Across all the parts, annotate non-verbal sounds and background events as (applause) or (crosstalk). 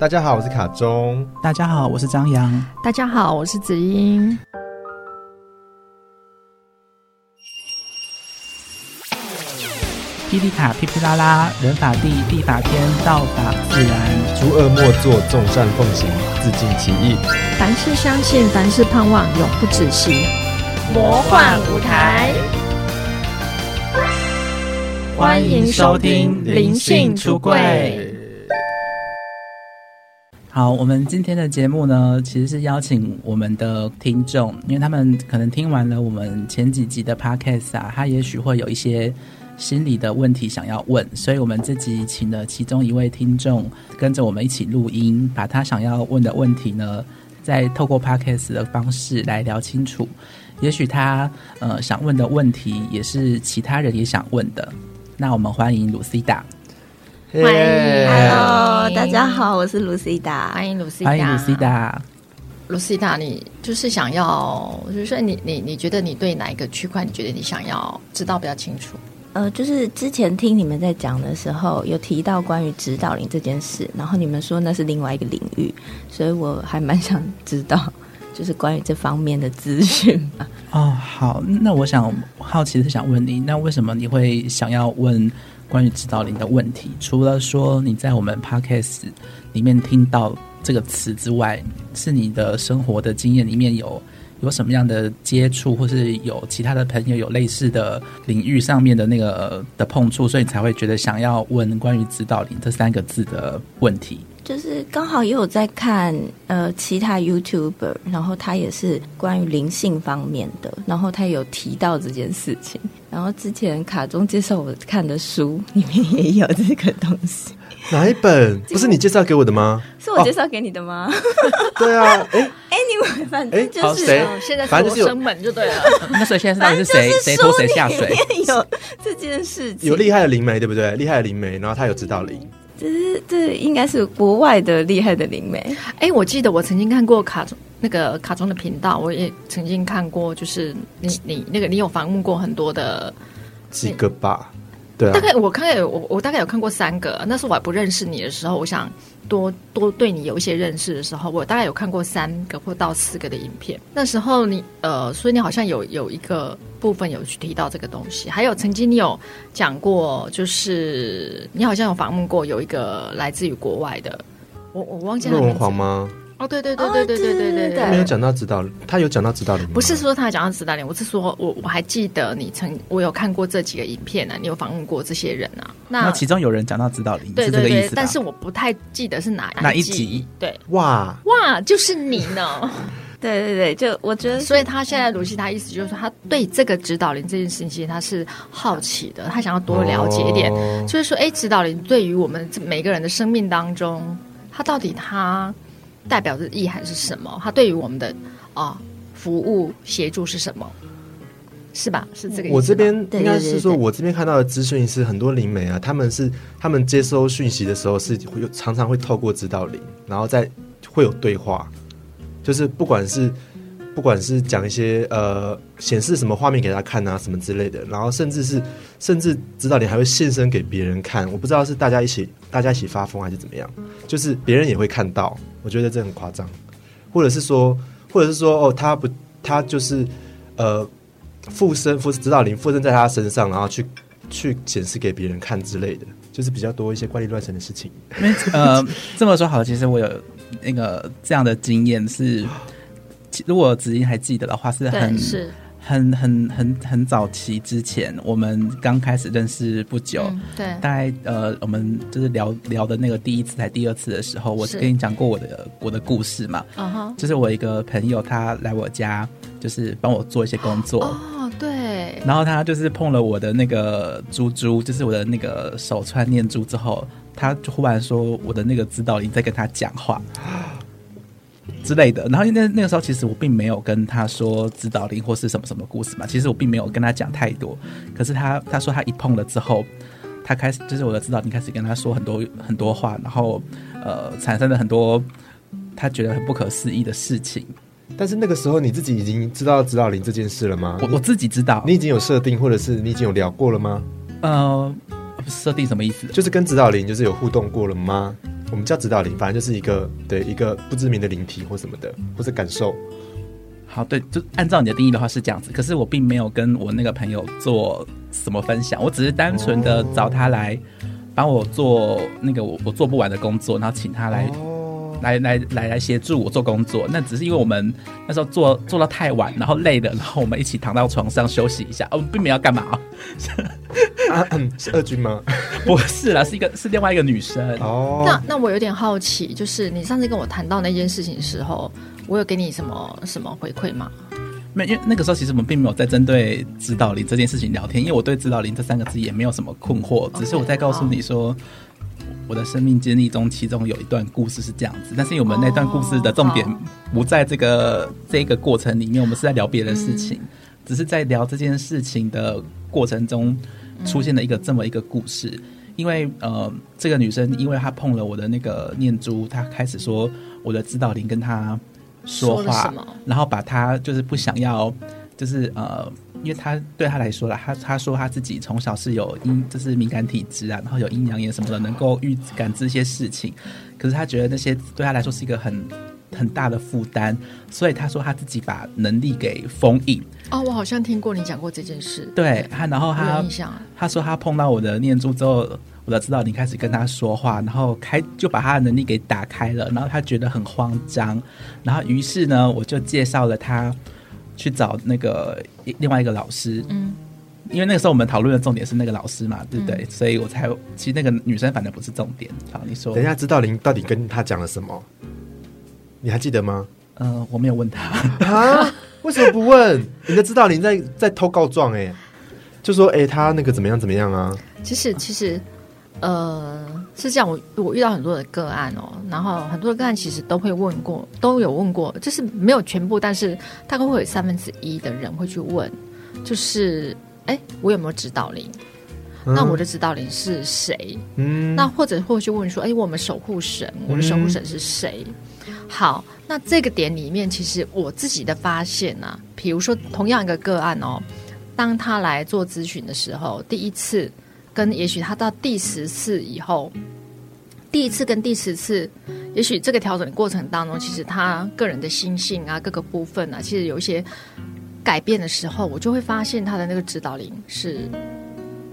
大家好，我是卡中。大家好，我是張揚。大家好，我是子英。霹靂卡噼噼拉拉、人法地，地法天，道法自然。諸惡莫作，眾善奉行，自淨其意。凡事相信，凡事盼望，永不止息。魔幻舞台，歡迎收聽靈性出櫃。好，我們今天的節目呢，其實是邀請我們的聽眾，因為他們可能聽完了我們前幾集的 podcast 啊，他也許會有一些心理的問題想要問，所以我們自己請了其中一位聽眾，跟着我們一起錄音，把他想要問的問題呢，再透過 podcast 的方式來聊清楚。也許他呃想問的問題，也是其他人也想問的。那我們歡迎 Lucida。歡 h e l l o 大家好，我是露西達。歡迎露西達，露西達。露西達，你就是想要，就是說，你你你覺得，你對哪一個區塊，你覺得你想要知道比較清楚？呃，就是之前聽你們在講的時候，有提到關於指導靈這件事，然後你們說那是另外一個領域，所以我還蠻想知道，就是關於這方面的資訊。 (laughs) 哦，好，那我想好奇的是想問你，那為什麼你會想要問？關於指導靈的問題，除了說你在我們 Podcast 裡面聽到這個詞之外，是你的生活的經驗裡面有有什麼樣的接觸，或是有其他的朋友有類似的領域上面的那個的碰觸，所以你才會覺得想要問關於指導靈這三個字的問題。就是剛好也有在看，呃其他 YouTuber，然後他也是關於靈性方面的，然後他有提到這件事情。然後之前卡中介紹我看的書裡面也有這個東西。哪一本？不是你介紹給我的嗎？這個、是我介紹給你的嗎？Oh. (laughs) 對啊，哎、欸、哎、 (laughs) 欸、你們反正就是現、啊欸、誰在生門反正就是升就對了。 (laughs) 那時候現在是誰拖誰下水？有這件事情，有厲害的靈媒對不對？厲害的靈媒，然後他有指導靈。這是這是應該是國外的厲害的靈媒。哎、欸，我記得我曾經看過卡中那個卡中的頻道，我也曾經看過，就是你幾你那個你有訪問過很多的幾個吧？欸、對、啊，大概我看看，我我大概有看過三個。那時候我還不認識你的時候，我想。多多對你有一些認識的時候，我大概有看過三個或到四個的影片。那時候你呃，所以你好像有有一個部分有去提到這個東西。還有曾經你有講過，就是你好像有訪問過有一個來自於國外的，我我忘記了。諾文嗎？哦，對對對對對對對對，他沒有講到指導靈，他有講到指導靈。不是說他講到指導靈，我是說我我還記得你曾我有看過這幾個影片呢，你有訪問過這些人啊，那其中有人講到指導靈，是這個意思。但是我不太記得是哪哪一集。對，哇哇，就是你呢！對對對，就我覺得，所以他現在 Lucida 他意思就是說，他對這個指導靈這件事情他是好奇的，他想要多了解一點，就是說，哎，指導靈對於我們每個人的生命當中，他到底他。代表着意涵是什麼？他對於我們的啊、哦、服務協助是什麼？是吧？是這個意思。我這邊應該是說，我這邊看到的資訊是很多靈媒啊，他們是他們接收訊息的時候是會有常常會透過指導靈，然後再會有對話，就是不管是。不管是講一些呃顯示什麼畫面給他看啊什麼之類的，然後甚至是甚至指導靈還會現身給別人看，我不知道是大家一起大家一起發瘋還是怎麼樣，就是別人也會看到，我覺得這很誇張，或者是說，或者是說哦，他不他就是呃附身附指導靈附身在他身上，然後去去顯示給別人看之類的，就是比較多一些怪力亂神的事情。呃這麼說好，其實我有那個這樣的經驗是。如果子英還記得的話，是很是很很很很早期之前，我們剛開始認識不久，嗯、對，大概呃，我們就是聊聊的那個第一次才第二次的時候，我是跟你講過我的是我的故事嘛，uh huh、就是我一個朋友他來我家，就是幫我做一些工作，哦，對，然後他就是碰了我的那個珠珠，就是我的那個手串念珠之後，他就忽然說我的那個指導靈在跟他講話。 (coughs) 之類的，然後那那個時候其實我並沒有跟他說指導靈或是什麼什麼故事嘛，其實我並沒有跟他講太多。可是他他說他一碰了之後，他開始就是我的指導靈開始跟他說很多很多話，然後呃產生了很多他覺得很不可思議的事情。但是那個時候你自己已經知道指導靈這件事了嗎？我我自己知道。你，你已經有設定或者是你已經有聊過了嗎？呃，設定什麼意思？就是跟指導靈就是有互動過了嗎？我們叫指導靈，反正就是一個對一個不知名的靈體或什麼的，或是感受。好，對，就按照你的定義的話是這樣子。可是我並沒有跟我那個朋友做什麼分享，我只是單純的找他來幫我做那個我我做不完的工作，然後請他來來來來來協助我做工作。那只是因為我們那時候做做到太晚，然後累了，然後我們一起躺到床上休息一下。哦，並沒有要幹嘛啊、哦。 (laughs) (laughs) 是二軍君嗎？ (laughs) 不是啦，是一個是另外一個女生哦。Oh. 那那我有點好奇，就是你上次跟我談到那件事情的時候，我有給你什麼什麼回饋嗎？沒，因為那個時候其實我們並沒有在針對指導靈這件事情聊天，因為我對指導靈這三個字也沒有什麼困惑，okay, 只是我在告訴你說，好我的生命經歷中其中有一段故事是這樣子，但是因為我們那段故事的重點不在這個好這個過程裡面，我們是在聊別的事情，嗯、只是在聊這件事情的過程中。出現了一個這麼一個故事，因為呃，這個女生因為她碰了我的那個念珠，她開始說我的指導靈跟她說話，說然後把她就是不想要，就是呃，因為她對她來說了，她她說她自己從小是有陰，就是敏感體質啊，然後有陰陽眼什麼的，能夠預感知一些事情，可是她覺得那些對她來說是一個很。很大的負擔，所以他說他自己把能力給封印。哦，我好像聽過你講過這件事。對，他對、啊、然後他，印象啊？他說他碰到我的念珠之後，我就知道你開始跟他說話，然後開就把他的能力給打開了，然後他覺得很慌張，然後於是呢，我就介紹了他去找那個另外一個老師。嗯，因為那個時候我們討論的重點是那個老師嘛，對不對？嗯、所以我才其實那個女生反正不是重點。好，你說，等一下，知道您到底跟他講了什麼？你還記得嗎？嗯、呃，我沒有問他啊， (laughs) 為什麼不問？你都知道，你在在偷告狀哎、欸，就說哎、欸，他那個怎麼樣怎麼樣啊？其實其實，呃，是這樣，我我遇到很多的個案哦、喔，然後很多的個案其實都會問過，都有問過，就是沒有全部，但是大概會有三分之一的人會去問，就是、欸、我有沒有指導靈？那我的指導靈是誰？嗯。那或者，或者去問說：“哎、欸，我們守護神，我的守護神是誰？”嗯、好，那這個點裡面，其實我自己的發現啊，比如說同樣一個個案哦，當他來做諮詢的時候，第一次跟也許他到第十次以後，第一次跟第十次，也許這個調整的過程當中，其實他個人的心性啊，各個部分啊，其實有一些改變的時候，我就會發現他的那個指導靈是。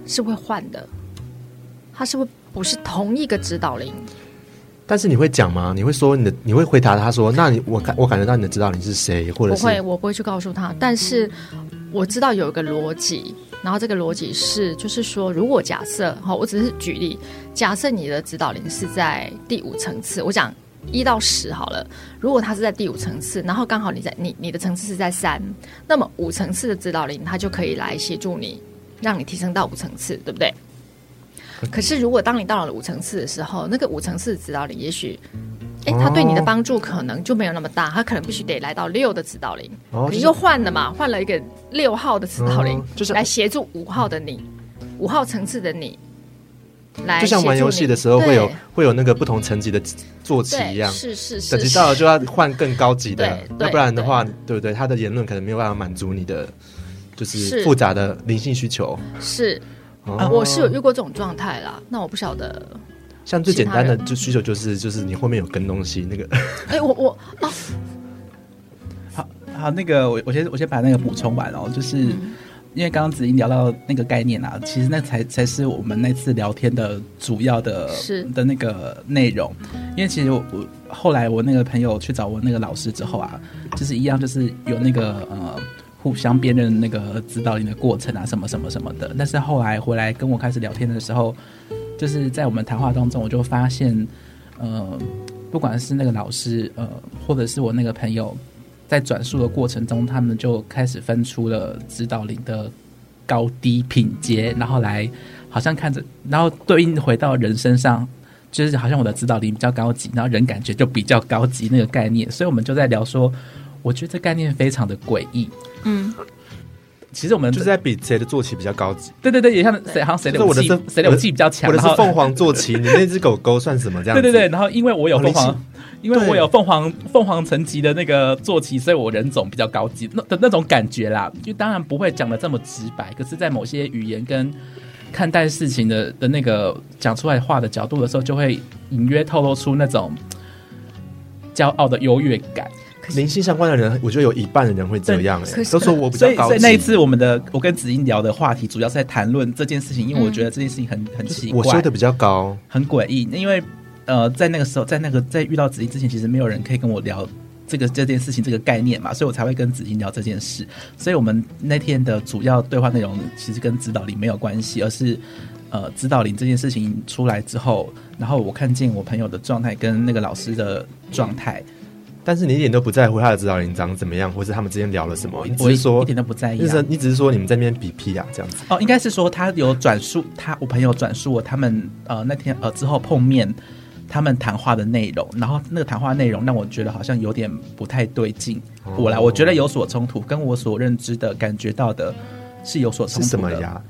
是會換的，他是不是不是同一個指導靈？但是你會講嗎？你會說你的，你會回答他說：“那你我感我感覺到你的指導靈是誰？”或者是不會，我不會去告訴他。但是我知道有一個邏輯，然後這個邏輯是，就是說，如果假設哈，哦，我只是舉例，假設你的指導靈是在第五層次，我講一到十好了。如果他是在第五層次，然後剛好你在你你的層次是在三，那麼五層次的指導靈他就可以來協助你。讓你提升到五層次，對不對？可是，如果當你到了五層次的時候，那個五層次的指導靈也許，哎、欸，他、oh. 對你的幫助可能就沒有那麼大，他可能必須得來到六的指導靈，你、oh, 就換了嘛，換、oh. 了一個六號的指導靈，oh. 就是來協助五號的你，五號層次的你，來你就像玩遊戲的時候會有對會有那個不同層級的坐騎一樣，是是是，是，等級到了就要換更高級的，要 (laughs) 對不然的話，對不對？他的言論可能沒有辦法滿足你的。就是複雜的靈性需求是，哦、我是有遇過這種狀態啦。那我不曉得，像最簡單的就需求就是就是你後面有跟東西、那個 (laughs) 欸啊、那個。哎，我我，好好那個我我先我先把那個補充完哦，嗯、就是因為剛剛子怡聊到那個概念啊，其實那才才是我們那次聊天的主要的的是的那個內容。因為其實我我後來我那個朋友去找我那個老師之後啊，就是一樣就是有那個呃。互相辨認那個指導靈的過程啊，什麼什麼什麼的。但是後來回來跟我開始聊天的時候，就是在我們談話當中，我就發現，呃，不管是那個老師，呃，或者是我那個朋友，在轉述的過程中，他們就開始分出了指導靈的高低品階，然後來好像看着，然後對應回到人身上，就是好像我的指導靈比較高級，然後人感覺就比較高級那個概念。所以我們就在聊說。我覺得這概念非常的詭異。嗯，其實我們就是在比誰的坐騎比較高級。對對對，也像誰好像誰的技誰的武器比較強。我是鳳凰坐騎， (laughs) 你那只狗狗算什麼？這樣對對對。然後因為我有鳳凰，因為我有鳳凰鳳凰層級的那個坐騎，所以我人種比較高級。那的那種感覺啦，就當然不會講得這麼直白。可是，在某些語言跟看待事情的的那個講出來話的角度的時候，就會隱約透露出那種驕傲的優越感。靈性相關的人，我覺得有一半的人會這樣哎、欸，對都說我比較高。所以，所以那一次我們的我跟子音聊的話題主要是在談論這件事情，因為我覺得這件事情很、嗯、很奇怪。我收的比較高，很詭異。因為呃，在那個時候，在那個在遇到子音之前，其實沒有人可以跟我聊這個這件事情這個概念嘛，所以我才會跟子音聊這件事。所以我們那天的主要對話內容其實跟指導靈沒有關係，而是呃指導靈這件事情出來之後，然後我看見我朋友的狀態跟那個老師的狀態。嗯但是你一點都不在乎他的指導靈長怎麼樣，或是他們之間聊了什麼？我只是說一點都不在意、啊。你是你只是說你們在那邊比拼呀、啊，這樣子？哦，應該是說他有轉述他，我朋友轉述我他們呃那天呃之後碰面，他們談話的內容。然後那個談話內容讓我覺得好像有點不太對勁。哦、我來，我覺得有所衝突，哦、跟我所認知的感覺到的，是有所衝突的。是什麼呀？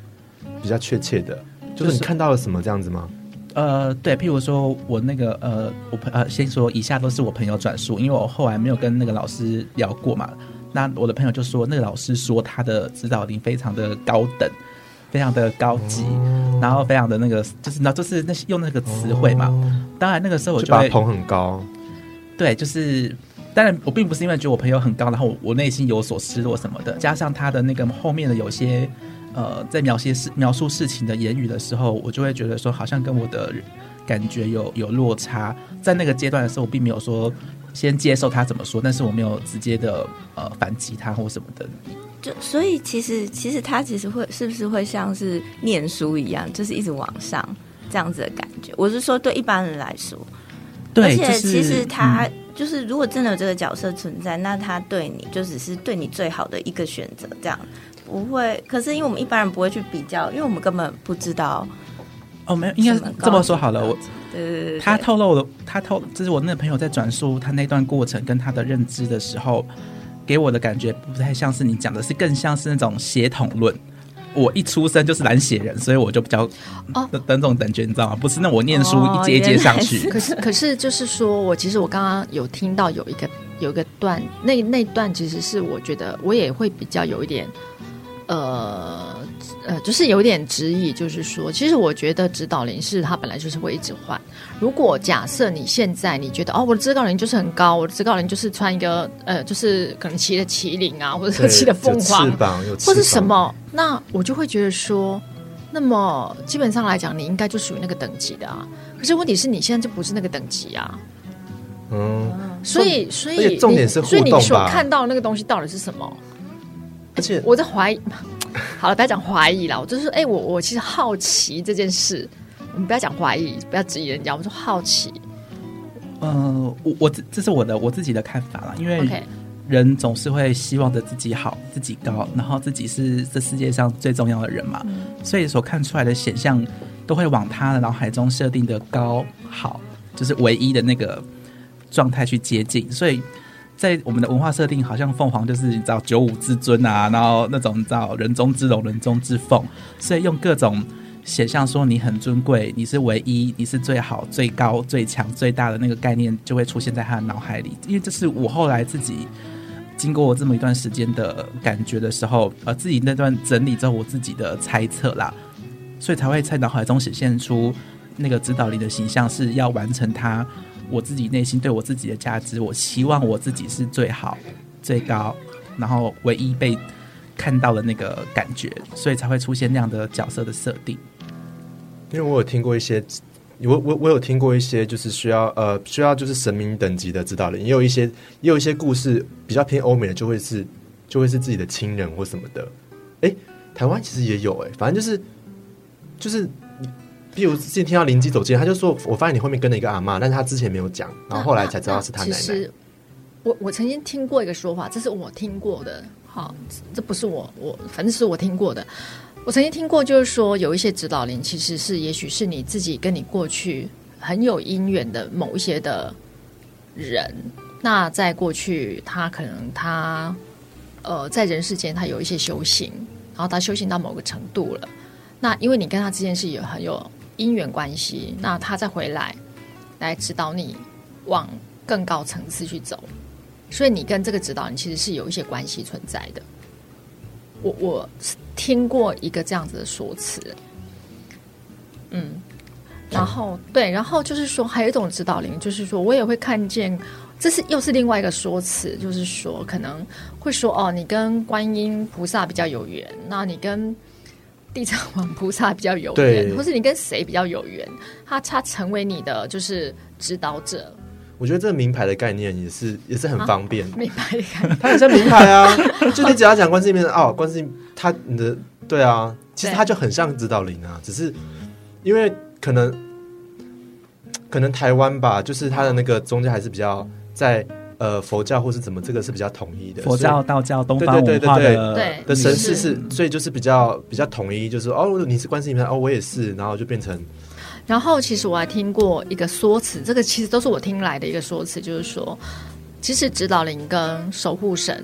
比較確切的，就是，就是你看到了什麼這樣子嗎？呃，對，譬如說，我那個呃，我朋呃，先說以下都是我朋友轉述，因為我後來沒有跟那個老師聊過嘛。那我的朋友就說，那個老師說他的指導靈非常的高等，非常的高級，哦、然後非常的那個就是那就是那用那個詞彙嘛。哦、當然那個時候我就，就把捧很高。對，就是當然我並不是因為覺得我朋友很高，然後我內心有所失落什麼的，加上他的那個後面的有些。呃，在描寫事、描述事情的言語的時候，我就會覺得說，好像跟我的感覺有有落差。在那個階段的時候，我並沒有說先接受他怎麼說，但是我沒有直接的呃反擊他或什麼的。就所以其實其實他其實會是不是會像是念書一樣，就是一直往上這樣子的感覺。我是說，對一般人來說，對，而且其實他、就是嗯、就是如果真的有這個角色存在，那他對你就只是對你最好的一個選擇，這樣。不會，可是因為我們一般人不會去比較，因為我們根本不知道。哦，沒有，應該是這麼說好了。我對對對他透露的，他透，就是我那個朋友在轉述他那段過程跟他的認知的時候，給我的感覺不太像是你講的是，是更像是那種血統論。我一出生就是藍血人，所以我就比較哦等等。這種等覺，你知道嗎？不是，那我念書一節一節上去，哦。是，可是 (laughs) 可是就是說我其實我剛剛有聽到有一個有一個段，那那段其實是我覺得我也會比較有一點。呃呃，就是有點質疑，就是說，其實我覺得指導靈是他本來就是會一直換。如果假設你現在你覺得哦，我的指導靈就是很高，我的指導靈就是穿一個呃，就是可能騎的麒麟啊，或者騎的鳳凰，有翅膀，有翅膀或是什麼，那我就會覺得說，那麼基本上來講，你應該就屬於那個等級的啊。可是問題是你現在就不是那個等級啊。嗯啊。所以所以所以，所以你所看到的那個東西到底是什麼？而且、欸、我在懷疑，好了，不要講懷疑了。我就是說，哎、欸，我我其實好奇這件事。我們不要講懷疑，不要質疑人家，我說好奇。嗯、呃，我我這是我的我自己的看法了，因為人總是會希望着自己好、自己高，然後自己是這世界上最重要的人嘛，嗯、所以所看出來的顯像都會往他的腦海中設定的高好，就是唯一的那個狀態去接近，所以。在我們的文化設定，好像鳳凰就是你知道九五之尊啊，然後那種你知道人中之龍、人中之鳳，所以用各種寫像說你很尊貴，你是唯一，你是最好、最高、最強、最大的那個概念，就會出現在他的腦海裡。因為這是我後來自己經過我這麼一段時間的感覺的時候，呃，自己那段整理之後，我自己的猜測啦，所以才會在腦海中顯現出那個指導靈的形象，是要完成他，我自己內心對我自己的價值，我希望我自己是最好、最高，然後唯一被看到的那個感覺，所以才會出現那樣的角色的設定。因為我有聽過一些，我我我有聽過一些，就是需要呃需要就是神明等級的指導靈，也有一些也有一些故事比較偏歐美的，就會是就會是自己的親人或什麼的。誒、欸，台灣其實也有誒、欸，反正就是就是。比如今天聽到靈機走進他就說：“我發現你後面跟了一個阿嬤，但是他之前沒有講，然後後來才知道他是他奶奶、啊啊、其實，我我曾經聽過一個說法，這是我聽過的。好，這不是我我反正是我聽過的。我曾經聽過，就是說有一些指導靈，其實是也許是你自己跟你過去很有因緣的某一些的人。那在過去，他可能他呃在人世間他有一些修行，然後他修行到某個程度了。那因為你跟他之間是有很有。因緣關係，那他再回來，來指導你往更高層次去走，所以你跟這個指導靈其實是有一些關係存在的。我我聽過一個這樣子的說辭，嗯，嗯然後對，然後就是說還有一種指導靈，就是說我也會看見，這是又是另外一個說辭，就是說可能會說哦，你跟觀音菩薩比較有緣，那你跟。地藏王菩薩比較有緣，對或是你跟誰比較有緣，他他成為你的就是指導者。我覺得這個名牌的概念也是也是很方便，啊，名牌的概念。他也是名牌啊。 (laughs) 就你只要講關係裡面的哦，關係他你的對啊，其實他就很像指導靈啊，對只是因為可能可能台灣吧，就是他的那個中間還是比較在。呃，佛教或是怎麼，這個是比較統一的。佛教、道教、對對對對對東方文化的的神女 是是，所以就是比較比較統一，就是哦，你是觀世音嘛？哦，我也是，然後就變成。然後，其實我還聽過一個說辭，這個其實都是我聽來的一個說辭，就是說，其實指導靈跟守護神，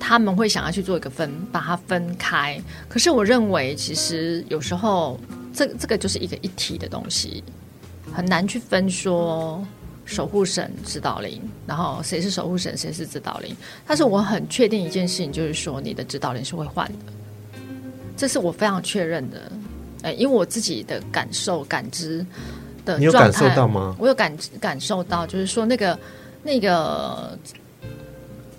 他們會想要去做一個分，把它分開。可是，我認為其實有時候，這這個就是一個一體的東西，很難去分說。守護神、指導靈，然後誰是守護神，誰是指導靈？但是我很確定一件事情，就是說你的指導靈是會換的，這是我非常確認的。哎、欸，因為我自己的感受、感知的狀態，你有感受到嗎？我有感感受到，就是說那個那個，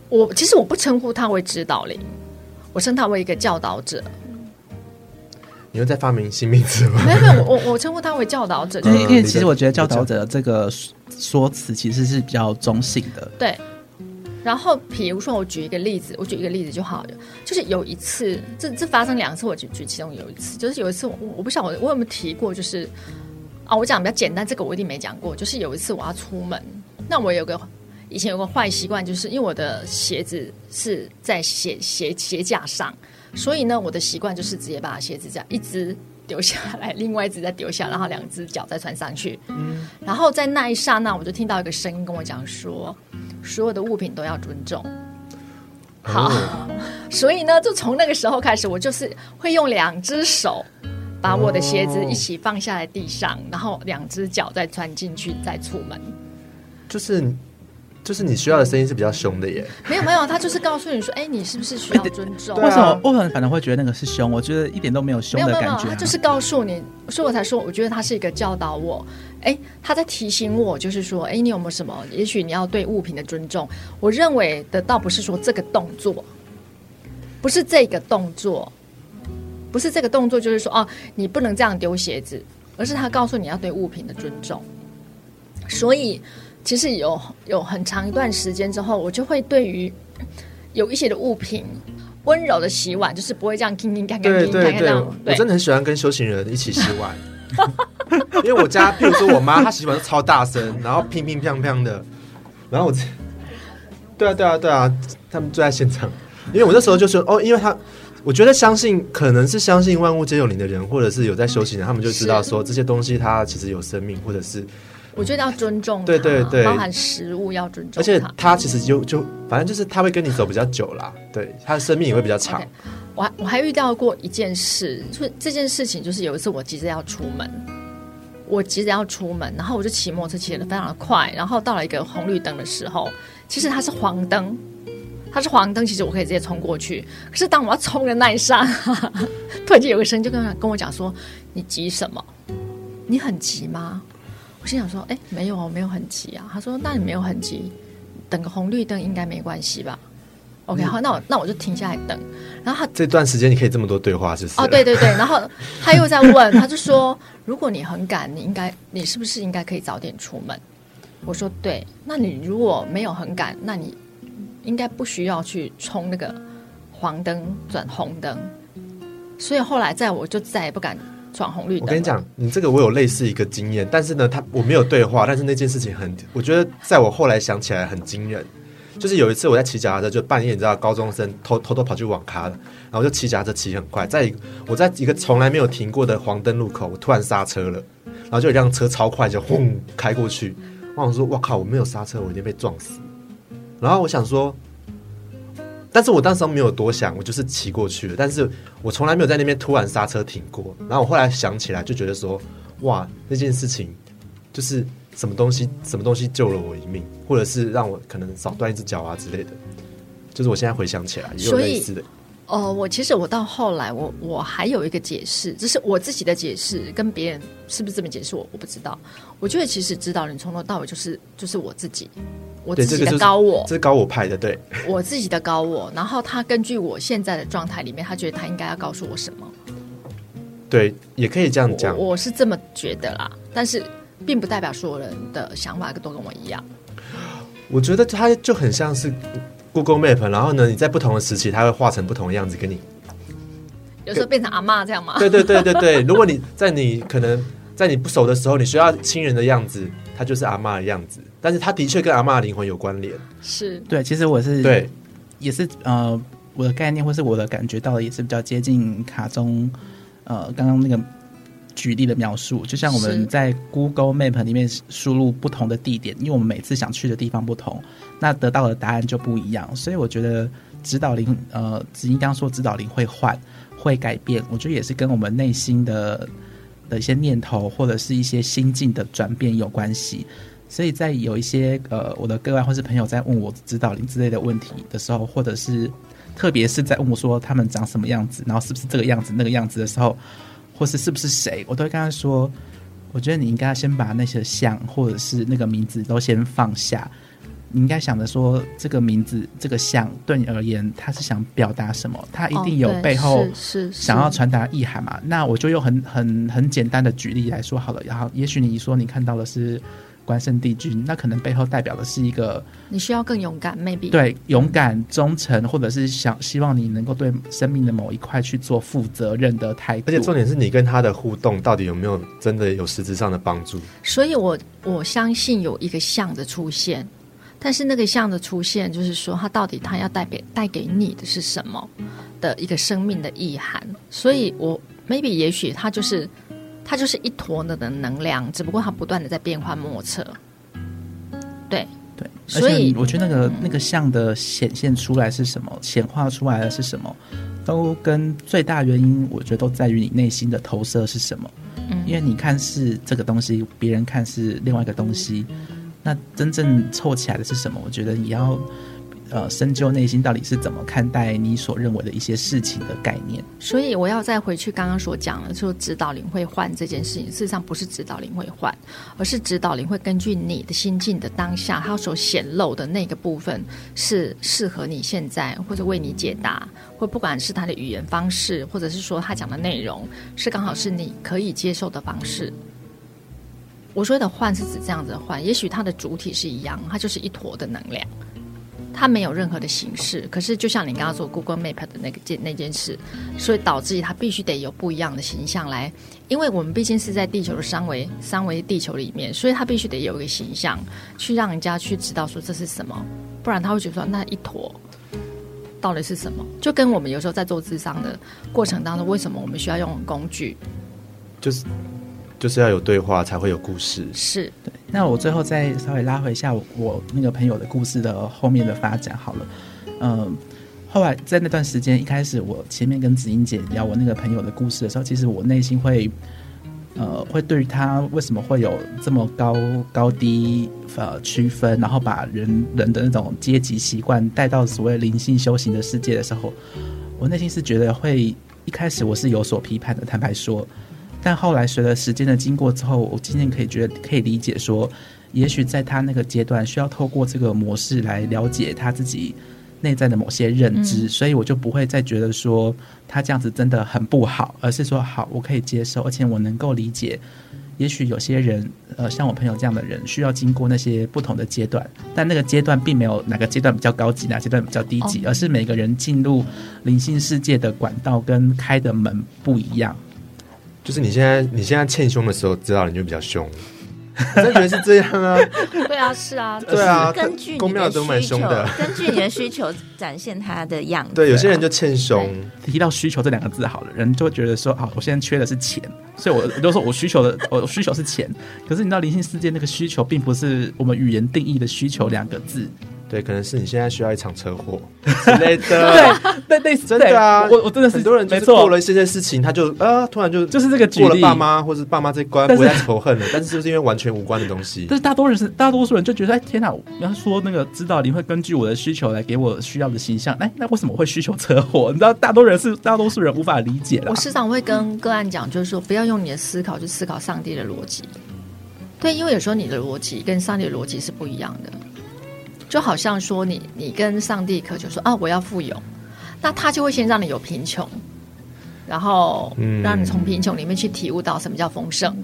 我其實我不稱呼他為指導靈，我稱他為一個教導者。你又在發明新名詞嗎？沒有，沒有，我我稱呼他為教導者。嗯、對因為其實我覺得“教導者”這個說詞其實是比較中性的。對。然後，比如說，我舉一個例子，我舉一個例子就好了。就是有一次，這這發生兩次，我舉舉其中有一次，就是有一次我，我我不曉得我我有沒有提過，就是啊，我講比較簡單，這個我一定沒講過。就是有一次我要出門，那我有個以前有個壞習慣，就是因為我的鞋子是在鞋鞋鞋架上。所以呢，我的習慣就是直接把鞋子這樣一隻丟下來，另外一隻再丟下，然後兩隻腳再穿上去。嗯、然後在那一剎那，我就聽到一個聲音跟我講說：“所有的物品都要尊重。”好，嗯、所以呢，就從那個時候開始，我就是會用兩隻手把我的鞋子一起放下來地上，哦、然後兩隻腳再穿進去，再出門。就是。就是你需要的聲音是比較兇的耶， (laughs) 沒有沒有，他就是告訴你說，哎、欸，你是不是需要尊重？欸、為什麼你、啊、反而會覺得那個是兇？我覺得一點都沒有兇的感覺，啊沒有沒有沒有。他就是告訴你，所以我才說，我覺得他是一個教導我，哎、欸，他在提醒我，就是說，哎、欸，你有沒有什麼？也許你要對物品的尊重。我認為的倒不是說這個動作，不是這個動作，不是這個動作，就是說，哦、啊，你不能這樣丟鞋子，而是他告訴你要對物品的尊重。所以。其實有有很長一段時間之後，我就會對於有一些的物品溫柔的洗碗，就是不會這樣乒乒乓乓。對對對，對我真的很喜歡跟修行人一起洗碗， (laughs) 因為我家，譬如說我媽，她洗碗都超大聲，然後乒乒乓乓的，然後我，對啊對啊對啊，他們就在現場。因為我那時候就說哦，因為他，我覺得相信可能是相信萬物皆有靈的人，或者是有在修行人，嗯、他們就知道說是這些東西它其實有生命，或者是。我覺得要尊重，對對對，包含食物要尊重。而且他其實就就反正就是他會跟你走比較久啦， (laughs) 對，他的生命也會比較長。Okay, 我還我還遇到過一件事，就是這件事情就是有一次我急着要出門，我急着要出門，然後我就騎摩托車騎得非常的快，然後到了一個紅綠燈的時候，其實它是黃燈，它是黃燈，其實我可以直接衝過去。可是當我要衝的那一剎，突然間有個聲音就跟跟我講說：“你急什麼？你很急嗎？”我心想說，哎、欸，沒有哦，沒有很急啊。他說，那你沒有很急，等個紅綠燈應該沒關係吧？OK，好，那我那我就停下來等。然後他這段時間你可以這麼多對話就是？哦，啊、對對對。然後他又在問， (laughs) 他就說，如果你很趕，你應該，你是不是應該可以早點出門？我說對。那你如果沒有很趕，那你應該不需要去衝那個黃燈轉紅燈。所以後來在我就再也不敢闖紅綠燈。我跟你講，你這個我有類似一個經驗，但是呢，他我沒有對話，但是那件事情很，我覺得在我後來想起來很驚人。就是有一次我在騎腳踏車，就半夜，你知道，高中生偷偷偷跑去網咖了，然後就騎腳踏車騎很快，在我在一個從來沒有停過的黃燈路口，我突然剎車了，然後就有一輛車超快就轟開過去，我我說我靠，我沒有剎車，我已經被撞死，然後我想說。但是我當時沒有多想，我就是騎過去了。但是我從來沒有在那邊突然剎車停過。然後我後來想起來，就覺得說，哇，那件事情就是什麼東西，什麼東西救了我一命，或者是讓我可能少斷一隻腳啊之類的。就是我現在回想起來，也有類似的。哦，我其實我到後來我，我我還有一個解釋，就是我自己的解釋，跟別人是不是這麼解釋，我我不知道。我覺得其實指導靈從頭到尾就是就是我自己，我自己的高我，這是高我派的，對，我自己的高我。然後他根據我現在的狀態裡面，他覺得他應該要告訴我什麼。對，也可以這樣講。我是這麼覺得啦，但是並不代表所有人的想法都跟我一樣。我覺得他就很像是。Google Map，然後呢，你在不同的時期，它會畫成不同的樣子跟你。有時候變成阿嬤這樣嗎？對對對對對， (laughs) 如果你在你可能在你不熟的時候，你需要親人的樣子，它就是阿嬤的樣子。但是他的確跟阿嬤的靈魂有關聯。是對，其實我是對，也是呃，我的概念或是我的感覺到的也是比較接近卡中呃剛剛那個。舉例的描述，就像我們在 Google Map 裡面輸入不同的地點，是因為我們每次想去的地方不同，那得到的答案就不一樣。所以我覺得指導靈呃，紫英剛說，指導靈會換，會改變，我覺得也是跟我們內心的的一些念頭或者是一些心境的轉變有關係。所以在有一些呃我的個案或是朋友在問我指導靈之類的問題的時候，或者是特別是在問我說他們長什麼樣子，然後是不是這個樣子那個樣子的時候。或是是不是誰，我都會跟他說，我覺得你應該先把那些像或者是那個名字都先放下，你應該想着說，這個名字這個像對你而言，它是想表達什麼？它一定有背後想要傳達的意涵嘛？哦、那我就用很很很簡單的舉例來說好了，然後也許你說你看到的是。關聖帝君，那可能背後代表的是一個你需要更勇敢，maybe 對勇敢、忠誠，或者是想希望你能夠對生命的某一塊去做負責任的態度。而且重點是你跟他的互動到底有沒有真的有實質上的幫助？所以我我相信有一個像的出現，但是那個像的出現，就是說他到底他要帶給帶給你的是什麼的一個生命的意涵？所以我 maybe 也許他就是。它就是一坨的能量，只不過它不斷的在變幻莫測。對對，所以而且我覺得那個、嗯、那個像的顯現出來是什麼，顯化出來的是什麼，都跟最大原因，我覺得都在於你內心的投射是什麼。嗯，因為你看是這個東西，別人看是另外一個東西，那真正湊起來的是什麼？我覺得你要，呃，深究內心到底是怎麼看待你所認為的一些事情的概念。所以我要再回去剛剛所講的，說指導靈會換這件事情，事實上不是指導靈會換，而是指導靈會根據你的心境的當下，它所顯露的那個部分是適合你現在，或者為你解答，或不管是它的語言方式，或者是說它講的內容，是剛好是你可以接受的方式。我說的換是指這樣子換，也許它的主體是一樣，它就是一坨的能量。它沒有任何的形式，可是就像你剛剛說 Google Map 的那個件、那件事，所以導致它必須得有不一樣的形象來，因為我們畢竟是在地球的三維三維地球裡面，所以它必須得有一個形象去讓人家去知道說這是什麼，不然他會覺得說那一坨到底是什麼，就跟我們有時候在做諮商的過程當中，為什麼我們需要用工具，就是就是要有對話，才會有故事。是，對。那我最後再稍微拉回一下我，我那個朋友的故事的後面的發展好了。嗯，後來在那段時間，一開始我前面跟子英姐聊我那個朋友的故事的時候，其實我內心會，呃，會對他為什麼會有這麼高高低呃區分，然後把人人的那種階級習慣帶到所謂靈性修行的世界的時候，我內心是覺得會一開始我是有所批判的，坦白說。但後來，隨着時間的經過之後，我漸漸可以覺得可以理解說，也許在他那個階段，需要透過這個模式來了解他自己內在的某些認知，嗯、所以我就不會再覺得說他這樣子真的很不好，而是說好，我可以接受，而且我能夠理解，也許有些人，呃，像我朋友這樣的人，需要經過那些不同的階段，但那個階段並沒有哪個階段比較高級，哪個階段比較低級，哦、而是每個人進入靈性世界的管道跟開的門不一樣。就是你現在你現在欠凶的時候，知道你就比較凶，真正覺得是這樣啊。 (laughs) 對啊，是啊，就是、對啊，根據宮廟的都蠻兇的，根據你的需求展現他的樣子、啊。對，有些人就欠凶。對提到需求這兩個字，好了，人就會覺得說：啊，我現在缺的是錢，所以我，我就說我需求的， (laughs) 我需求是錢。可是你知道，靈性世界那個需求，並不是我們語言定義的需求兩個字。對，可能是你現在需要一場車禍之類的。 (laughs) 對，那類似啊，我我真的很多人就做了一些些事情，錯他就啊、呃，突然就就是這個除了爸媽或者爸媽這關是不再仇恨了，但是就是因為完全無關的東西。 (laughs) 但是大多人是，大多數人就覺得哎天哪，你要說那個指導靈會根據我的需求來給我需要的形象，哎，那為什麼會需求車禍？你知道，大多人是大多數人無法理解了。我時常會跟個案講，就是說不要用你的思考去思考上帝的邏輯。對，因為有時候你的邏輯跟上帝的邏輯是不一樣的。就好像說，你你跟上帝渴求說啊，我要富有，那他就會先讓你有貧窮，然後讓你從貧窮裡面去體悟到什麼叫豐盛。嗯、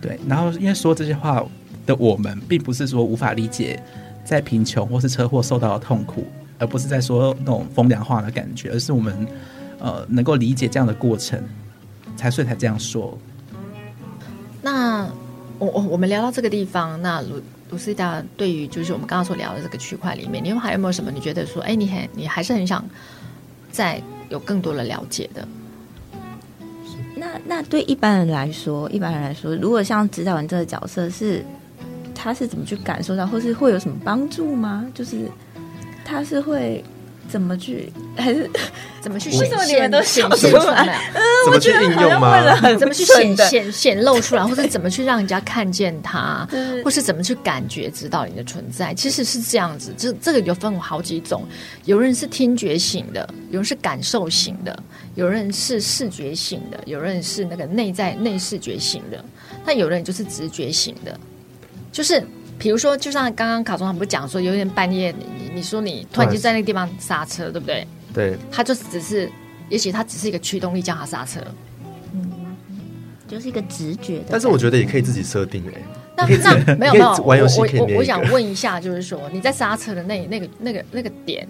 對，然後因為說這些話的我們，並不是說無法理解在貧窮或是車禍受到的痛苦，而不是在說那種風涼話的感覺，而是我們呃能夠理解這樣的過程，才所以才這樣說。那我我我們聊到這個地方，那如。不是，大家對於就是我們剛剛所聊的這個區塊裡面，你還有沒有什麼你覺得說，哎，你很你還是很想再有更多的了解的？那那對一般人來說，一般人來說，如果像指導靈這個角色是，他是怎麼去感受到，或是會有什麼幫助嗎？就是他是會。怎麼去？還是怎麼去顯現？是不？人都顯現出來？嗯，呃、怎麼去嗎我覺得好像為怎麼去顯顯顯露出來，對或者怎麼去讓人家看見他，對或是怎麼去感覺知道你的存在，其實是這樣子。這這個就分為好幾種：有人是聽覺型的，有人是感受型的，有人是視覺型的，有人是那個內在內視覺型的，那有人就是直覺型的，就是。比如說，就像剛剛卡中他們講說，有點半夜，你你說你突然間在那個地方剎車，對，對不對？對。他就只是，也許他只是一個驅動力叫他剎車，對嗯，就是一個直覺的覺。但是我覺得也可以自己設定哎、欸。那那沒有沒有玩遊戲。我我，我想問一下，就是說你在剎車的那個、那個那個那個點，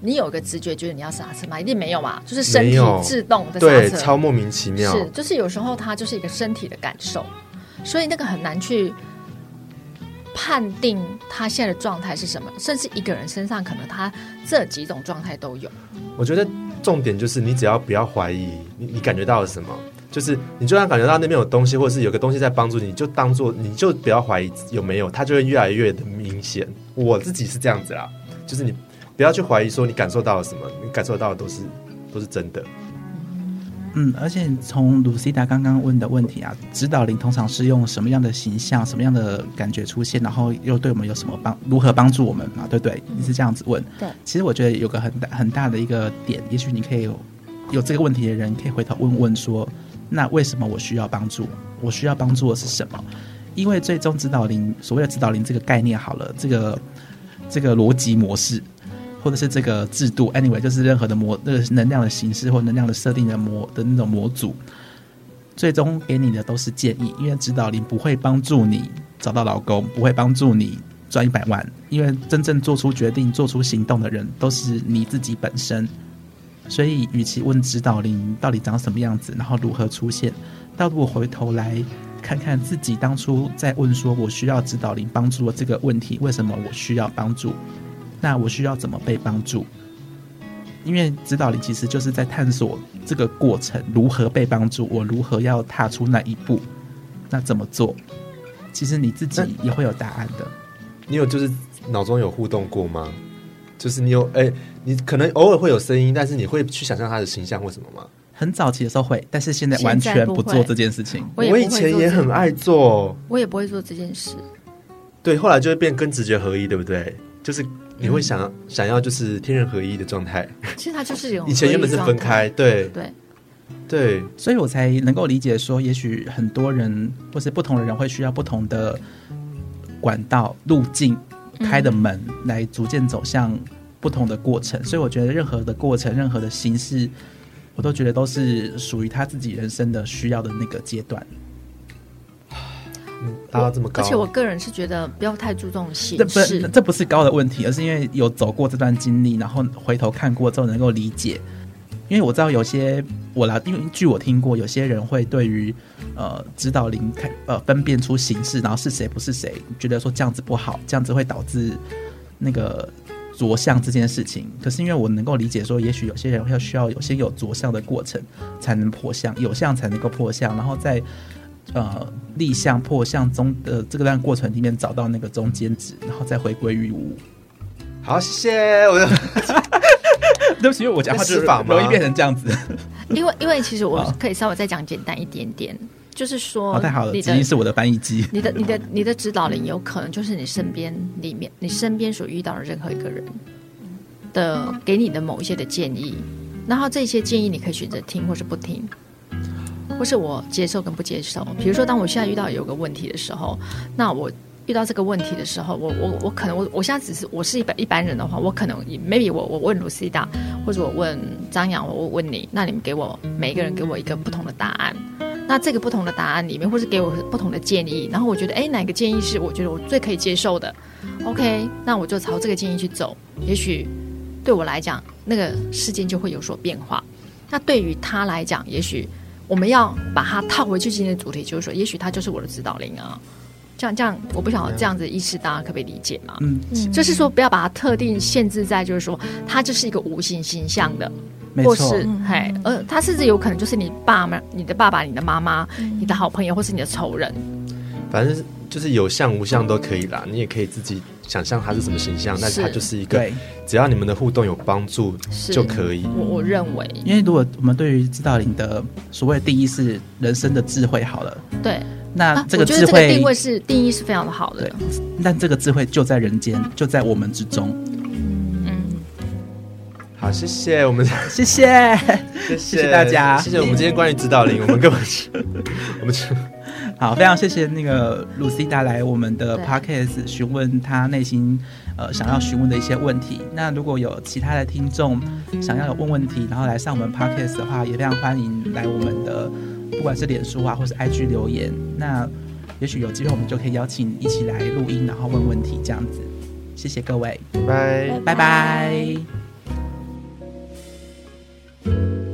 你有個直覺覺得你要剎車嗎？一定沒有嘛，就是身體自動的剎車，對，超莫名其妙。是，就是有時候它就是一個身體的感受，所以那個很難去。判定他現在的狀態是什麼，甚至一個人身上可能他這幾種狀態都有。我覺得重點就是，你只要不要懷疑你，你你感覺到了什麼，就是你就算感覺到那邊有東西，或者是有個東西在幫助你，就當做你就不要懷疑有沒有，它就會越來越明顯。我自己是這樣子啦，就是你不要去懷疑說你感受到了什麼，你感受到的都是都是真的。嗯，而且從露西達剛剛問的問題啊，指導靈通常是用什麼樣的形象、什麼樣的感覺出現，然後又對我們有什麼幫、如何幫助我們嘛？對不對？嗯、你是這樣子問。對，其實我覺得有個很大很大的一個點，也許你可以有這個問題的人可以回頭問問說，那為什麼我需要幫助？我需要幫助的是什麼？因為最終指導靈所謂的指導靈這個概念好了，這個這個邏輯模式。的是這個制度，anyway，就是任何的模，那個能量的形式或能量的設定的模的那種模組，最終給你的都是建議，因為指導靈不會幫助你找到老公，不會幫助你賺一百萬，因為真正做出決定、做出行動的人都是你自己本身。所以，與其問指導靈到底長什麼樣子，然後如何出現，倒不如回頭來看看自己當初在問說“我需要指導靈幫助我這個問題”，為什麼我需要幫助？那我需要怎麼被幫助？因為指導靈其實就是在探索這個過程如何被幫助，我如何要踏出那一步，那怎麼做？其實你自己也會有答案的。你有就是腦中有互動過嗎？就是你有哎、欸，你可能偶爾會有聲音，但是你會去想象他的形象或什麼嗎？很早期的時候會，但是現在完全不做這件事情。我以前也很愛做，我也不會做這件事。件事對，後來就會變跟直覺合一，對不對？就是。你會想、嗯、想要就是天人合一的狀態，其實它就是有以前原本是分開，對對對，對對，所以我才能夠理解說，也許很多人或是不同的人會需要不同的管道、路徑開的門，來逐漸走向不同的過程。嗯、所以我覺得任何的過程、任何的形式，我都覺得都是屬於他自己人生的需要的那個階段。達、嗯、到這麼高、啊，而且我個人是覺得不要太注重形式，這不是，這不是高的問題，而是因為有走過這段經歷，然後回頭看過之後能夠理解。因為我知道有些我來，因為據我聽過，有些人會對於呃指導靈看呃分辨出形式，然後是誰不是誰，覺得說這樣子不好，這樣子會導致那個着相這件事情。可是因為我能夠理解說，也許有些人會需要有些有着相的過程，才能破相，有相才能夠破相，然後再。呃，立相、破相中的這個段過程裡面，找到那個中間值，然後再回歸於無。好，謝謝我。對不起，因為我講話就法嗎容易變成這樣子。因為因為其實我可以稍微再講簡單一點點，好就是說、哦，太好了，你的是我的翻譯機。你的你的你的指導靈，有可能就是你身邊裡面，你身邊所遇到的任何一個人的給你的某一些的建議，然後這些建議你可以選擇聽或是不聽。或是我接受跟不接受，比如說，當我現在遇到有個問題的時候，那我遇到這個問題的時候，我我我可能我我現在只是我是一般一般人的話，我可能 maybe 我我問露西達，或者我問張揚，我問你，那你們給我每一個人給我一個不同的答案，那這個不同的答案裡面，或是給我不同的建議，然後我覺得哎、欸、哪個建議是我覺得我最可以接受的，OK，那我就朝這個建議去走，也許對我來講那個事件就會有所變化，那對於他來講，也許。我們要把它套回去今天的主題，就是說，也許他就是我的指導靈啊。這樣這樣，我不曉得這樣子意思，大家可不可以理解嘛？嗯，就是說不要把它特定限制在，就是說他就是一個無形形象的，嗯、或是沒錯，嘿，呃，他甚至有可能就是你爸媽、你的爸爸、你的媽媽、嗯、你的好朋友，或是你的仇人。反正就是有相無相都可以啦，嗯、你也可以自己。想象他是什麼形象，但是他就是一個。只要你們的互動有幫助，就可以。我我認為，因為如果我們對於指導靈的所謂定義是人生的智慧，好了。對。那這個智慧，啊，個定位是定義是非常的好的。嗯，但這個智慧就在人間，就在我們之中。嗯。好，謝謝我們，謝謝， (laughs) 謝謝大家，謝謝我們今天關於指導靈， (laughs) 我們根本我們是。好，非常謝謝那個 Lucida 來我們的 podcast 詢對問他內心呃想要詢問的一些問題。那如果有其他的聽眾想要有問問題，然後來上我們 podcast 的話，也非常歡迎來我們的不管是臉書啊，或是 IG 留言。那也許有機會，我們就可以邀請一起來錄音，然後問問題這樣子。謝謝各位，拜拜拜拜。Bye bye